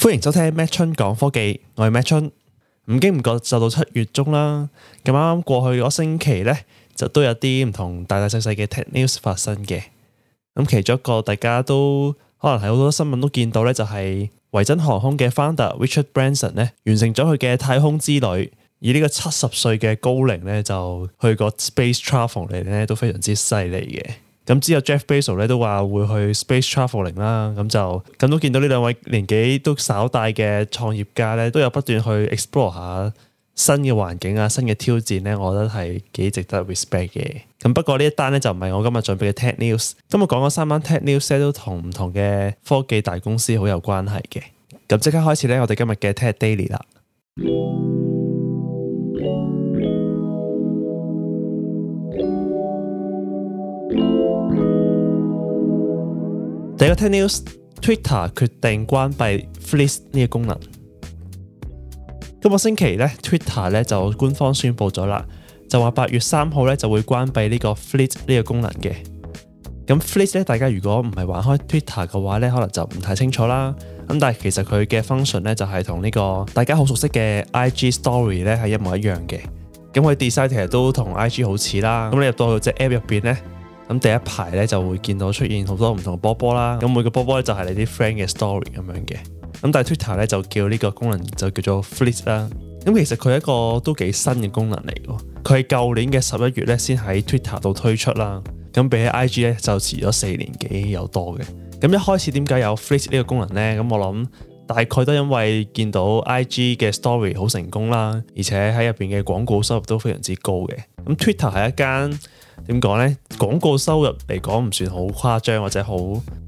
歡迎收聽 Mad 春講科技，我係 Mad 春。唔經唔覺就到七月中啦，咁啱過去嗰星期咧，就都有啲唔同大大細細嘅 tech news 發生嘅。咁其中一個大家都可能喺好多新聞都見到咧、就是，就係維珍航空嘅 founder Richard Branson 咧完成咗佢嘅太空之旅，以呢個七十歲嘅高齡咧就去個 space travel 嚟咧都非常之犀利嘅。咁之後，Jeff Bezos 咧都話會去 space traveling 啦。咁就咁都見到呢兩位年紀都稍大嘅創業家咧，都有不斷去 explore 下新嘅環境啊，新嘅挑戰咧，我覺得係幾值得 respect 嘅。咁不過呢一單咧就唔係我今日準備嘅 tech news。今日講咗三班 tech news，都同唔同嘅科技大公司好有關係嘅。咁即刻開始咧，我哋今日嘅 Tech Daily 啦。第一個 tech news，Twitter 決定關閉 Fleets 呢個功能。今個星期咧，Twitter 咧就官方宣布咗啦，就話八月三號咧就會關閉呢個 Fleets 呢個功能嘅。咁 Fleets 咧，大家如果唔係玩開 Twitter 嘅話咧，可能就唔太清楚啦。咁但係其實佢嘅 function 咧就係同呢個大家好熟悉嘅 IG Story 咧係一模一樣嘅。咁佢 design 其實都同 IG 好似啦。咁你入到去隻 app 入邊咧。咁第一排咧就會見到出現好多唔同嘅波波啦，咁每個波波咧就係你啲 friend 嘅 story 咁樣嘅。咁但係 Twitter 咧就叫呢個功能就叫做 Flip 啦。咁其實佢係一個都幾新嘅功能嚟嘅，佢係舊年嘅十一月咧先喺 Twitter 度推出啦。咁比起 IG 咧就遲咗四年幾有多嘅。咁一開始點解有 Flip 呢個功能咧？咁我諗大概都因為見到 IG 嘅 story 好成功啦，而且喺入邊嘅廣告收入都非常之高嘅。咁 Twitter 係一間，點講呢？廣告收入嚟講唔算好誇張或者好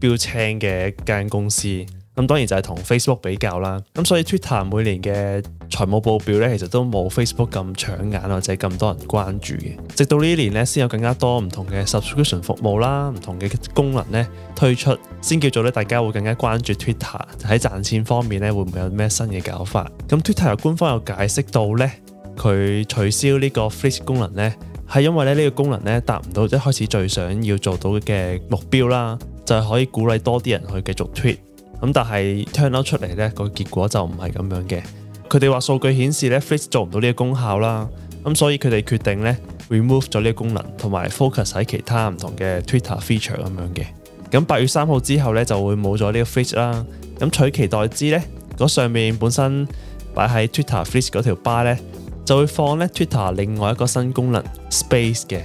標青嘅一間公司。咁當然就係同 Facebook 比較啦。咁所以 Twitter 每年嘅財務報表呢，其實都冇 Facebook 咁搶眼或者咁多人關注嘅。直到呢年呢，先有更加多唔同嘅 subscription 服務啦，唔同嘅功能呢，推出，先叫做呢，大家會更加關注 Twitter 喺賺錢方面呢，會唔會有咩新嘅搞法？咁 Twitter 官方又解釋到呢，佢取消呢個 Fleets 功能呢。係因為咧呢個功能咧達唔到一開始最想要做到嘅目標啦，就係可以鼓勵多啲人去繼續 tweet。咁但係 turn out 出嚟咧個結果就唔係咁樣嘅。佢哋話數據顯示咧，Fleets 做唔到呢個功效啦。咁所以佢哋決定咧 remove 咗呢個功能，同埋 focus 喺其他唔同嘅 Twitter feature 咁樣嘅。咁八月三號之後咧就會冇咗呢個 Fleets 啦。咁取其代之咧，嗰上面本身擺喺 Twitter Fleets 嗰條巴咧。就會放咧 Twitter 另外一個新功能 Space 嘅，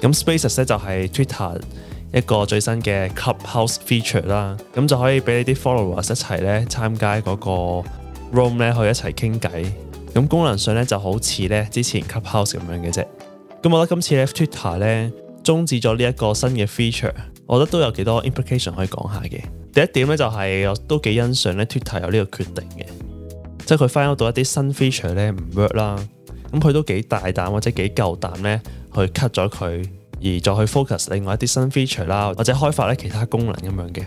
咁 Spaces 咧就係 Twitter 一個最新嘅 Clubhouse feature 啦，咁就可以俾你啲 followers 一齊咧參加嗰個 room 咧去一齊傾偈，咁功能上咧就好似咧之前 Clubhouse 咁樣嘅啫。咁我覺得今次咧 Twitter 咧終止咗呢一個新嘅 feature，我覺得都有幾多 implication 可以講下嘅。第一點咧就係我都幾欣賞咧 Twitter 有呢個決定嘅。即係佢翻咗到一啲新 feature 咧唔 work 啦，咁佢都幾大膽或者幾夠膽咧去 cut 咗佢，而再去 focus 另外一啲新 feature 啦，或者開發咧其他功能咁樣嘅。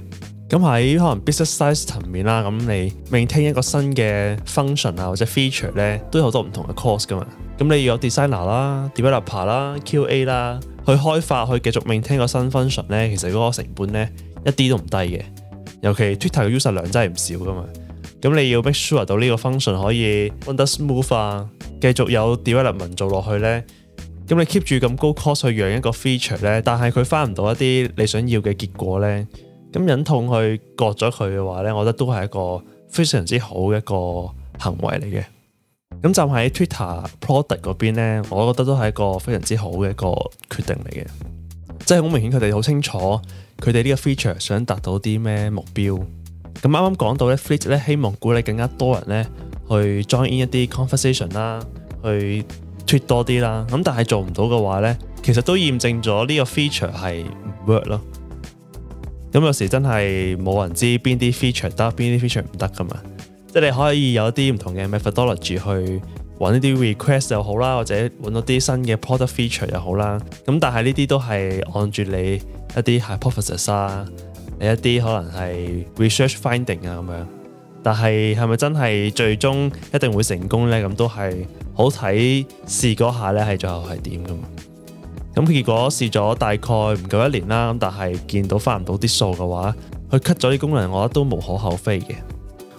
咁喺可能 business size 層面啦，咁你 maintain 一個新嘅 function 啊或者 feature 咧都有好多唔同嘅 course 噶嘛。咁你要有 designer 啦、developer 啦、QA 啦去開發去繼續 maintain 一個新 function 咧，其實嗰個成本咧一啲都唔低嘅，尤其 Twitter 嘅 user 量真係唔少噶嘛。咁你要 make sure 到呢個 function 可以 run 得 smooth 啊，繼續有 development 做落去呢。咁你 keep 住咁高 cost 去養一個 feature 呢，但係佢翻唔到一啲你想要嘅結果呢。咁忍痛去割咗佢嘅話呢，我覺得都係一個非常之好嘅一個行為嚟嘅。咁站喺 Twitter product 嗰邊呢，我覺得都係一個非常之好嘅一個決定嚟嘅，即係好明顯佢哋好清楚佢哋呢個 feature 想達到啲咩目標。咁啱啱講到咧，Fleet 咧希望鼓勵更加多人咧去 join in 一啲 conversation 啦，去 tweet 多啲啦。咁但係做唔到嘅話咧，其實都驗證咗呢個 feature 係唔 work 咯。咁有時真係冇人知邊啲 feature 得，邊啲 feature 唔得噶嘛。即係你可以有啲唔同嘅 methodology 去揾一啲 request 又好啦，或者揾到啲新嘅 product feature 又好啦。咁但係呢啲都係按住你一啲 hypothesis 啊。你一啲可能係 research finding 啊咁樣，但係係咪真係最終一定會成功呢？咁都係好睇試嗰下呢，係最後係點噉。咁結果試咗大概唔夠一年啦，咁但係見到翻唔到啲數嘅話，佢 cut 咗啲功能，我覺得都無可厚非嘅。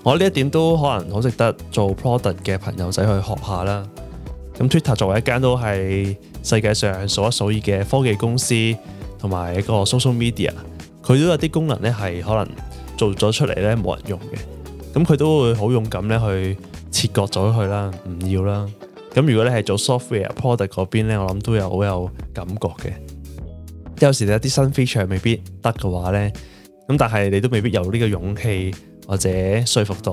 我呢一點都可能好值得做 product 嘅朋友仔去學下啦。咁 Twitter 作為一間都係世界上數一數二嘅科技公司同埋一個 social media。佢都有啲功能咧，係可能做咗出嚟咧，冇人用嘅，咁佢都會好勇敢咧去切割咗佢啦，唔要啦。咁如果你係做 software product 嗰邊咧，我諗都有好有感覺嘅。有時有啲新 feature 未必得嘅話咧，咁但係你都未必有呢個勇氣或者說服到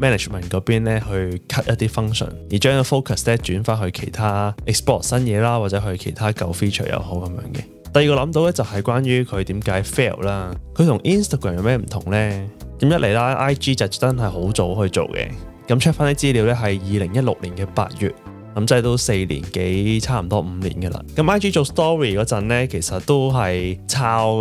management 嗰邊咧去 cut 一啲 function，而將個 focus 咧轉翻去其他 export 新嘢啦，或者去其他舊 feature 又好咁樣嘅。第二個諗到咧就係關於佢點解 fail 啦，佢同 Instagram 有咩唔同呢？咁一嚟啦，IG 就真係好早去做嘅，咁 check 翻啲資料咧係二零一六年嘅八月，咁即係都四年幾差唔多五年噶啦。咁 IG 做 story 嗰陣咧，其實都係抄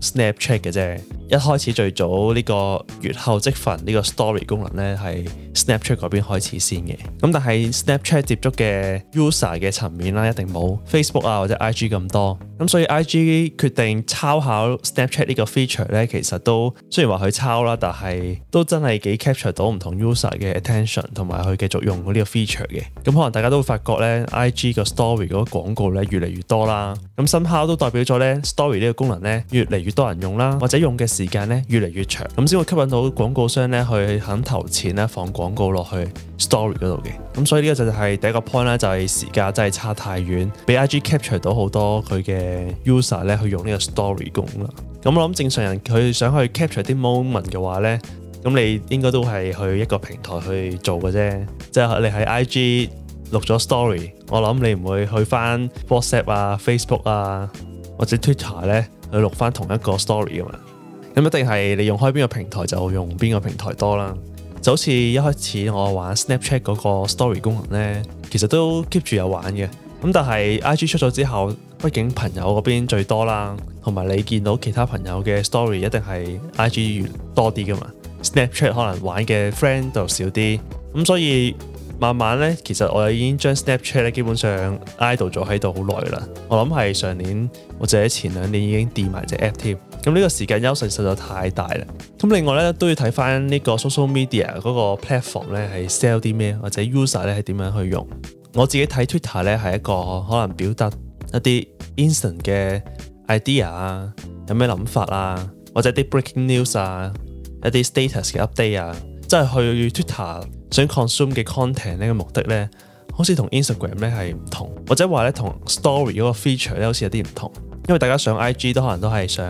Snapchat 嘅啫，一開始最早呢個閱後即焚呢個 story 功能咧係 Snapchat 嗰邊開始先嘅。咁但係 Snapchat 接觸嘅 user 嘅層面啦，一定冇 Facebook 啊或者 IG 咁多，咁所以 IG 決定抄下 Snapchat 呢個 feature 咧，其實都雖然話佢抄啦，但係都真係幾 capture 到唔同 user 嘅 attention 同埋佢繼續用呢個 feature 嘅。咁可能大家都會發覺咧，IG 個 story 個廣告咧越嚟越多啦，咁 somehow 都代表咗咧 story 呢個功能咧越嚟越多人用啦，或者用嘅時間咧越嚟越長，咁先會吸引到廣告商咧去肯投錢啦放廣告落去 story 嗰度嘅，咁所以呢個就係第一個 point 咧，就係時間真係差太遠，俾 IG capture 到好多佢嘅 user 咧去用呢個 story 功能咁啦。咁我諗正常人佢想去 capture 啲 moment 嘅話呢，咁你應該都係去一個平台去做嘅啫，即係你喺 IG 錄咗 story，我諗你唔會去翻 WhatsApp 啊、Facebook 啊或者 Twitter 咧去錄翻同一個 story 噶嘛。咁一定係你用開邊個平台就用邊個平台多啦。就好似一開始我玩 Snapchat 嗰個 story 功能呢，其實都 keep 住有玩嘅。咁但係 IG 出咗之後，畢竟朋友嗰邊最多啦，同埋你見到其他朋友嘅 story 一定係 IG 多啲噶嘛。 Snapchat 可能玩嘅 friend 就少啲，咁所以。慢慢咧，其實我已經將 Snapchat 咧基本上 idle 咗喺度好耐啦。我諗係上年，或者前兩年已經 delete 埋隻 app 添。咁呢個時間優勢實在太大啦。咁另外咧都要睇翻呢個 social media 嗰個 platform 咧係 sell 啲咩，或者 user 咧係點樣去用。我自己睇 Twitter 咧係一個可能表達一啲 instant 嘅 idea 啊，有咩諗法啊，或者啲 breaking news 啊，一啲 status 嘅 update 啊。真係去 Twitter 想 consume 嘅 content 呢個目的呢，好似同 Instagram 呢係唔同，或者話呢同 Story 嗰個 feature 呢好似有啲唔同，因為大家上 IG 都可能都係想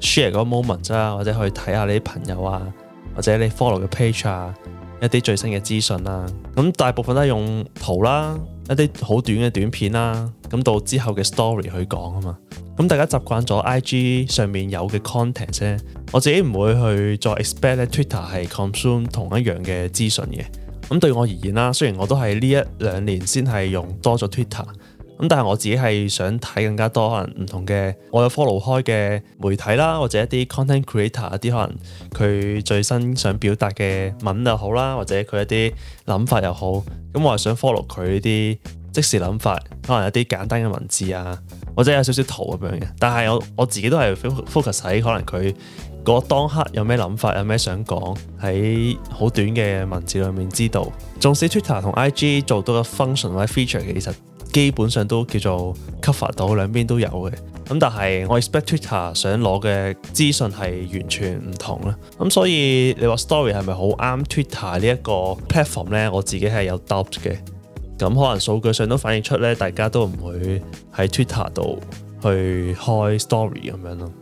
share 嗰 moment 啊，或者去睇下你啲朋友啊，或者你 follow 嘅 page 啊一啲最新嘅資訊啦，咁大部分都係用圖啦。一啲好短嘅短片啦，咁到之後嘅 story 去講啊嘛，咁大家習慣咗 IG 上面有嘅 content 我自己唔會去再 expect 咧 Twitter 係 consume 同一樣嘅資訊嘅，咁對我而言啦，雖然我都係呢一兩年先係用多咗 Twitter。咁但係我自己係想睇更加多可能唔同嘅，我有 follow 開嘅媒體啦，或者一啲 content creator 一啲可能佢最新想表達嘅文又好啦，或者佢一啲諗法又好。咁我係想 follow 佢啲即時諗法，可能一啲簡單嘅文字啊，或者有少少圖咁樣嘅。但係我我自己都係 focus 喺可能佢嗰當刻有咩諗法，有咩想講喺好短嘅文字裏面知道。縱使 Twitter 同 IG 做到嘅 function 或者 feature 其實，基本上都叫做 cover 到兩邊都有嘅，咁但係我 expect Twitter 想攞嘅資訊係完全唔同啦，咁、嗯、所以你話 story 係咪好啱 Twitter 呢一個 platform 呢，我自己係有 doubt 嘅，咁、嗯、可能數據上都反映出呢，大家都唔會喺 Twitter 度去開 story 咁樣咯。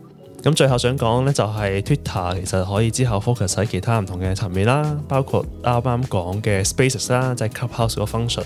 咁、嗯、最後想講呢，就係 Twitter 其實可以之後 focus 喺其他唔同嘅層面啦，包括啱啱講嘅 spaces 啦，即、就、係、是、clubhouse 個 function。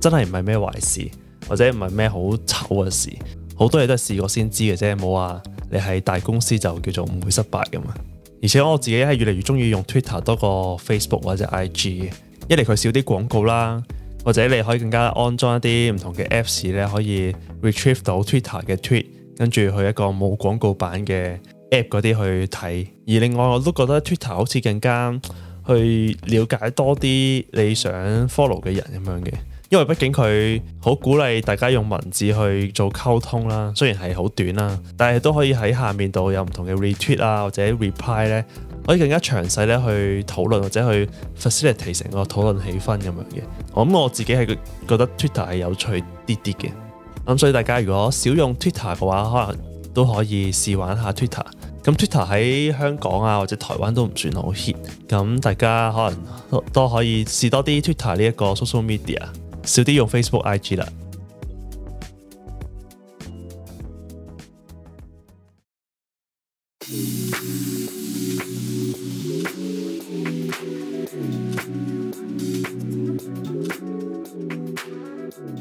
真係唔係咩壞事，或者唔係咩好醜嘅事，好多嘢都係試過先知嘅啫。冇話你係大公司就叫做唔會失敗噶嘛。而且我自己係越嚟越中意用 Twitter 多過 Facebook 或者 IG，一嚟佢少啲廣告啦，或者你可以更加安裝一啲唔同嘅 Apps 咧，可以 retrieve 到 Twitter 嘅 tweet，跟住去一個冇廣告版嘅 App 嗰啲去睇。而另外我都覺得 Twitter 好似更加去了解多啲你想 follow 嘅人咁樣嘅。因為畢竟佢好鼓勵大家用文字去做溝通啦，雖然係好短啦，但係都可以喺下面度有唔同嘅 retweet 啊或者 reply 咧，可以更加詳細咧去討論或者去 facilitate 成個討論氣氛咁樣嘅。我諗、嗯、我自己係覺得 Twitter 係有趣啲啲嘅。咁所以大家如果少用 Twitter 嘅話，可能都可以試玩下 Twitter。咁 Twitter 喺香港啊或者台灣都唔算好 hit，咁大家可能都都可以試多啲 Twitter 呢一個 social media。少啲用 Facebook IG 啦。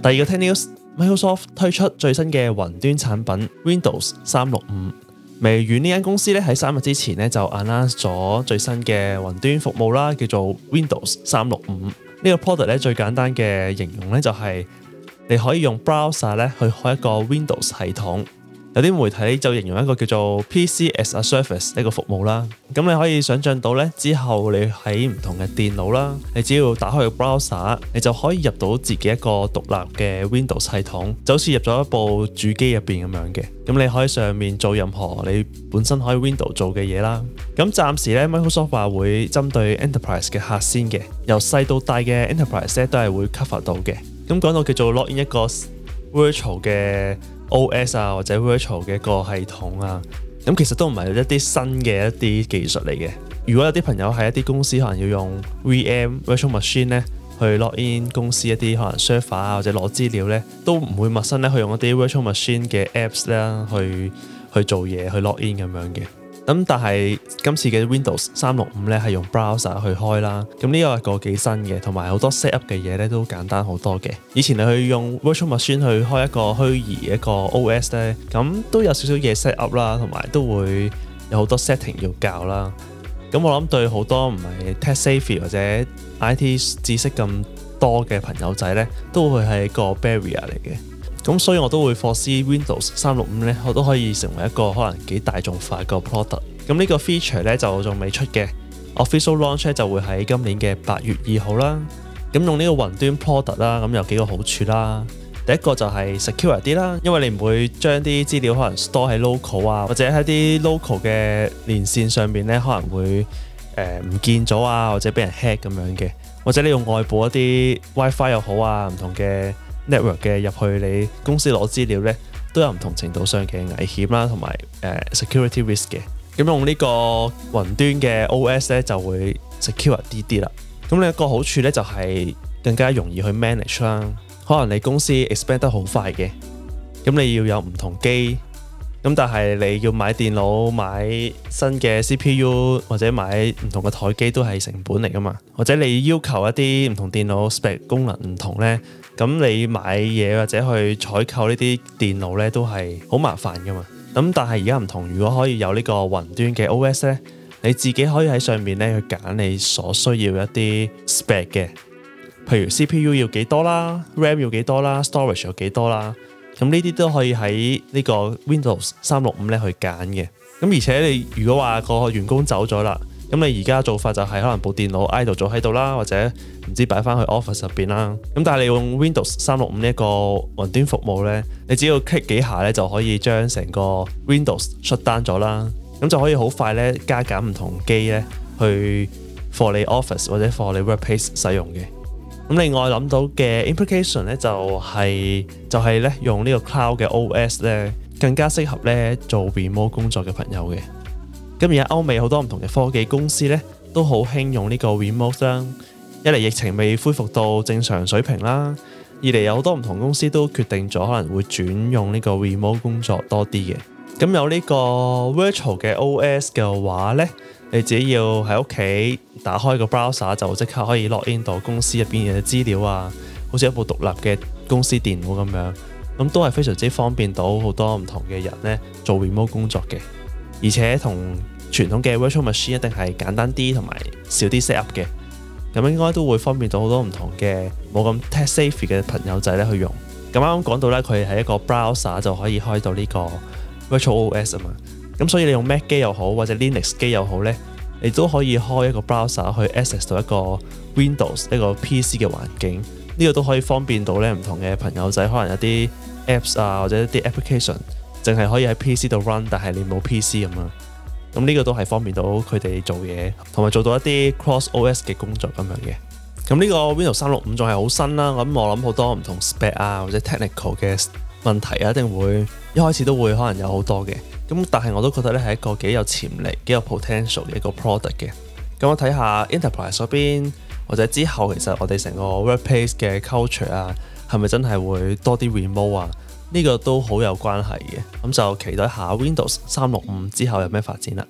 第二個聽 news，Microsoft 推出最新嘅雲端產品 Windows 三六五。微軟呢間公司咧喺三日之前咧就 announce 咗最新嘅雲端服務啦，叫做 Windows 三六五。呢個 product 最簡單嘅形容咧就係你可以用 browser 去開一個 Windows 系統。有啲媒體就形容一個叫做 PC as a service 呢個服務啦，咁你可以想像到呢，之後你喺唔同嘅電腦啦，你只要打開個 browser，你就可以入到自己一個獨立嘅 Windows 系統，就好似入咗一部主機入邊咁樣嘅。咁你可以上面做任何你本身可以 Windows 做嘅嘢啦。咁暫時呢 Microsoft 話會針對 Enterprise 嘅客先嘅，由細到大嘅 Enterprise 呢都係會 cover 到嘅。咁講到叫做 login 一個 virtual 嘅。OS 啊，或者 Virtual 嘅一個系統啊，咁其實都唔係一啲新嘅一啲技術嚟嘅。如果有啲朋友喺一啲公司可能要用 VM Virtual Machine 咧去 login 公司一啲可能 server 啊、或者攞資料咧，都唔會陌生咧，去用一啲 Virtual Machine 嘅 Apps 啦，去去做嘢去 login 咁樣嘅。咁但係今次嘅 Windows 三六五咧係用 browser 去開啦，咁呢個係個幾新嘅，同埋好多 set up 嘅嘢咧都簡單好多嘅。以前你去用 Virtual Machine 去開一個虛擬一個 OS 咧，咁都有少少嘢 set up 啦，同埋都會有好多 setting 要教啦。咁我諗對好多唔係 tech savvy 或者 IT 知識咁多嘅朋友仔咧，都會係一個 barrier 嚟嘅。咁所以我都會 foresee Windows 三六五咧，我都可以成為一個可能幾大眾化嘅 product。咁呢個 feature 咧就仲未出嘅，official launch 就會喺今年嘅八月二號啦。咁用呢個雲端 product 啦，咁有幾個好處啦。第一個就係 secure 啲啦，因為你唔會將啲資料可能 store 喺 local 啊，或者喺啲 local 嘅連線上面咧，可能會誒唔見咗啊，或者俾人 hack 咁樣嘅。或者你用外部一啲 WiFi 又好啊，唔同嘅 network 嘅入去你公司攞資料呢都有唔同程度上嘅危險啦，同埋誒 security risk 嘅。咁用呢個雲端嘅 OS 呢就會 secure 啲啲啦。咁另一個好處呢就係更加容易去 manage 啦。可能你公司 expand 得好快嘅，咁你要有唔同機。咁但係你要買電腦，買新嘅 CPU 或者買唔同嘅台機都係成本嚟噶嘛？或者你要求一啲唔同的電腦 spec 功能唔同呢，咁你買嘢或者去採購呢啲電腦呢都係好麻煩噶嘛？咁但係而家唔同，如果可以有呢個雲端嘅 OS 呢，你自己可以喺上面呢去揀你所需要一啲 spec 嘅，譬如 CPU 要幾多啦，RAM 要幾多啦，storage 要幾多啦。咁呢啲都可以喺呢個 Windows 三六五咧去揀嘅。咁而且你如果話個員工走咗啦，咁你而家做法就係可能部電腦 idle 咗喺度啦，或者唔知擺翻去 office 入邊啦。咁但係你用 Windows 三六五呢一個雲端服務呢，你只要 click 幾下呢，就可以將成個 Windows shut down 咗啦，咁就可以好快呢加減唔同機呢去 for 你 office 或者 for 你 workplace 使用嘅。咁另外諗到嘅 implication 咧，就係就係咧用呢個 cloud 嘅 OS 咧，更加適合咧做 remote 工作嘅朋友嘅。咁而家歐美好多唔同嘅科技公司咧，都好興用呢個 remote 啦。一嚟疫情未恢復到正常水平啦，二嚟有好多唔同公司都決定咗可能會轉用呢個 remote 工作多啲嘅。咁有呢個 virtual 嘅 OS 嘅話咧，你自己要喺屋企打開個 browser 就即刻可以 log in 到公司入邊嘅資料啊，好似一部獨立嘅公司電腦咁樣，咁都係非常之方便到好多唔同嘅人咧做 remote 工作嘅，而且同傳統嘅 virtual machine 一定係簡單啲同埋少啲 set up 嘅，咁應該都會方便到好多唔同嘅冇咁 tech savvy 嘅朋友仔咧去用。咁啱啱講到咧佢係一個 browser 就可以開到呢個 virtual OS 啊嘛。咁所以你用 Mac 機又好，或者 Linux 機又好呢，你都可以開一個 browser 去 access 到一個 Windows 一個 PC 嘅環境。呢個都可以方便到呢唔同嘅朋友仔，可能有啲 apps 啊，或者一啲 application，淨係可以喺 PC 度 run，但係你冇 PC 咁樣。咁呢個都係方便到佢哋做嘢，同埋做到一啲 cross OS 嘅工作咁樣嘅。咁呢個 Windows 三六五仲係好新啦，咁我諗好多唔同 spec 啊，或者 technical 嘅問題啊，一定會一開始都會可能有好多嘅。咁但係我都覺得咧係一個幾有潛力、幾有 potential 嘅一個 product 嘅。咁我睇下 enterprise 嗰邊或者之後，其實我哋成個 workplace 嘅 culture 啊，係咪真係會多啲 remote 啊？呢個都好有關係嘅。咁就期待下 Windows 三六五之後有咩發展啦。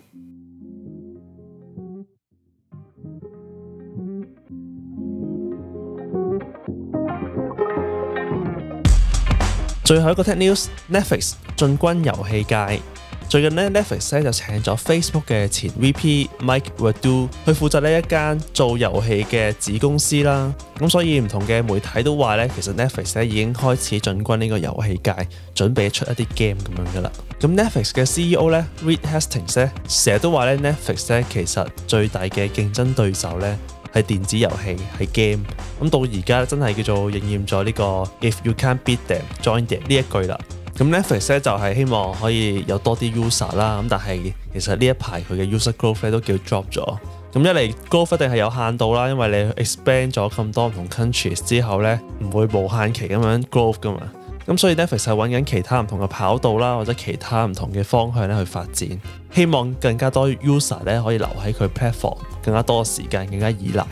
最後一個 tech news，Netflix 進軍遊戲界。最近咧，Netflix 咧就請咗 Facebook 嘅前 VP Mike Redu 去負責呢一間做遊戲嘅子公司啦。咁所以唔同嘅媒體都話咧，其實 Netflix 咧已經開始進軍呢個遊戲界，準備出一啲 game 咁樣噶啦。咁 Netflix 嘅 CEO 咧 Reed Hastings 咧成日都話咧，Netflix 咧其實最大嘅競爭對手咧係電子遊戲，係 game。咁到而家真係叫做應驗咗呢個 If you can't beat them, join them 呢一句啦。咁 Netflix 咧就係希望可以有多啲 user 啦，咁但係其實呢一排佢嘅 user growth 咧都叫 drop 咗。咁一嚟 growth 一定係有限度啦，因為你 expand 咗咁多唔同 countries 之後咧，唔會無限期咁樣 growth 噶嘛。咁所以 Netflix 係揾緊其他唔同嘅跑道啦，或者其他唔同嘅方向咧去發展，希望更加多 user 咧可以留喺佢 platform，更加多時間，更加依賴。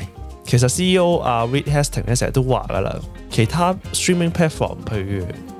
其實 CEO 阿、啊、Reed Hastings 咧成日都話噶啦，其他 streaming platform 譬如。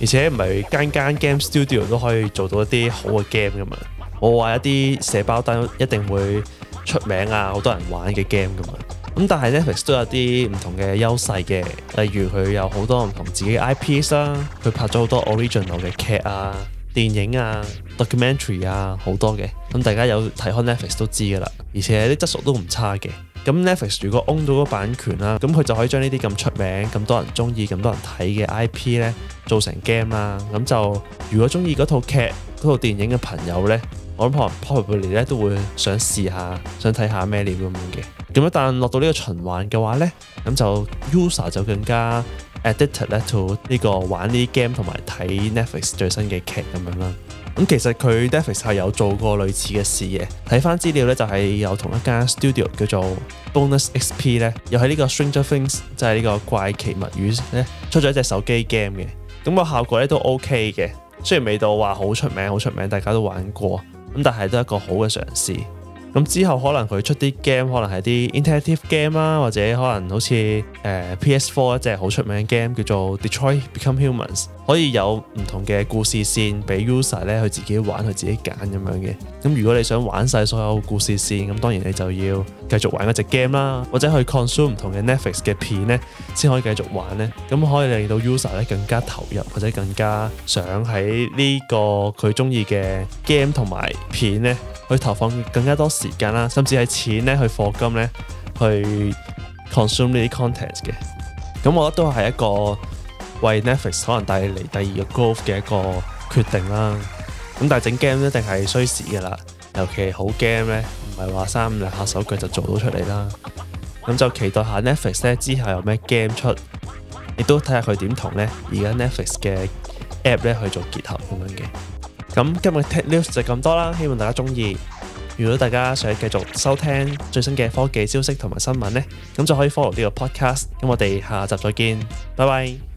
而且唔係間間 game studio 都可以做到一啲好嘅 game 噶嘛，我話一啲寫包單一定會出名啊，好多人玩嘅 game 噶嘛。咁但係 Netflix 都有啲唔同嘅優勢嘅，例如佢有好多唔同自己嘅 IP 啦、啊，佢拍咗好多 original 嘅劇啊、電影啊、documentary 啊好多嘅，咁大家有睇開 Netflix 都知噶啦。而且啲質素都唔差嘅。咁 Netflix 如果 own 到嗰版權啦，咁佢就可以將呢啲咁出名、咁多人中意、咁多人睇嘅 IP 咧，做成 game 啦。咁就如果中意嗰套劇、嗰套電影嘅朋友咧，我諗可能 probably 啲咧都會想試下、想睇下咩料咁樣嘅。咁一旦落到呢個循環嘅話咧，咁就 user 就更加 addicted 咧，to 呢個玩呢啲 game 同埋睇 Netflix 最新嘅劇咁樣啦。咁其實佢 Netflix 係有做過類似嘅事嘅，睇翻資料呢，就係、是、有同一間 studio 叫做 Bonus XP 呢，又喺呢個 Stranger Things，就係呢個怪奇物語呢，出咗一隻手機 game 嘅，咁、那個效果呢都 OK 嘅，雖然未到話好出名，好出名，大家都玩過，咁但係都係一個好嘅嘗試。咁之後可能佢出啲 game，可能係啲 interactive game 啦，或者可能好似誒、呃、PS4 一隻好出名嘅 game 叫做 Detroit Become Humans，可以有唔同嘅故事線俾 user 咧，佢自己玩，佢自己揀咁樣嘅。咁如果你想玩晒所有故事線，咁當然你就要繼續玩嗰隻 game 啦，或者去 consume 唔同嘅 Netflix 嘅片咧，先可以繼續玩咧。咁可以令到 user 咧更加投入，或者更加想喺呢個佢中意嘅 game 同埋片咧。去投放更加多時間啦，甚至係錢咧，去課金咧，去 consume 呢啲 content 嘅。咁我覺得都係一個為 Netflix 可能帶嚟第二個 growth 嘅一個決定啦。咁但係整 game 一定係需時嘅啦，尤其係好 game 咧，唔係話三五兩下手腳就做到出嚟啦。咁就期待下 Netflix 咧之後有咩 game 出，亦都睇下佢點同咧而家 Netflix 嘅 app 咧去做結合咁樣嘅。咁今日嘅 tech news 就咁多啦，希望大家鍾意。如果大家想繼續收聽最新嘅科技消息同埋新聞呢，咁就可以 follow 呢個 podcast。咁我哋下集再見，拜拜。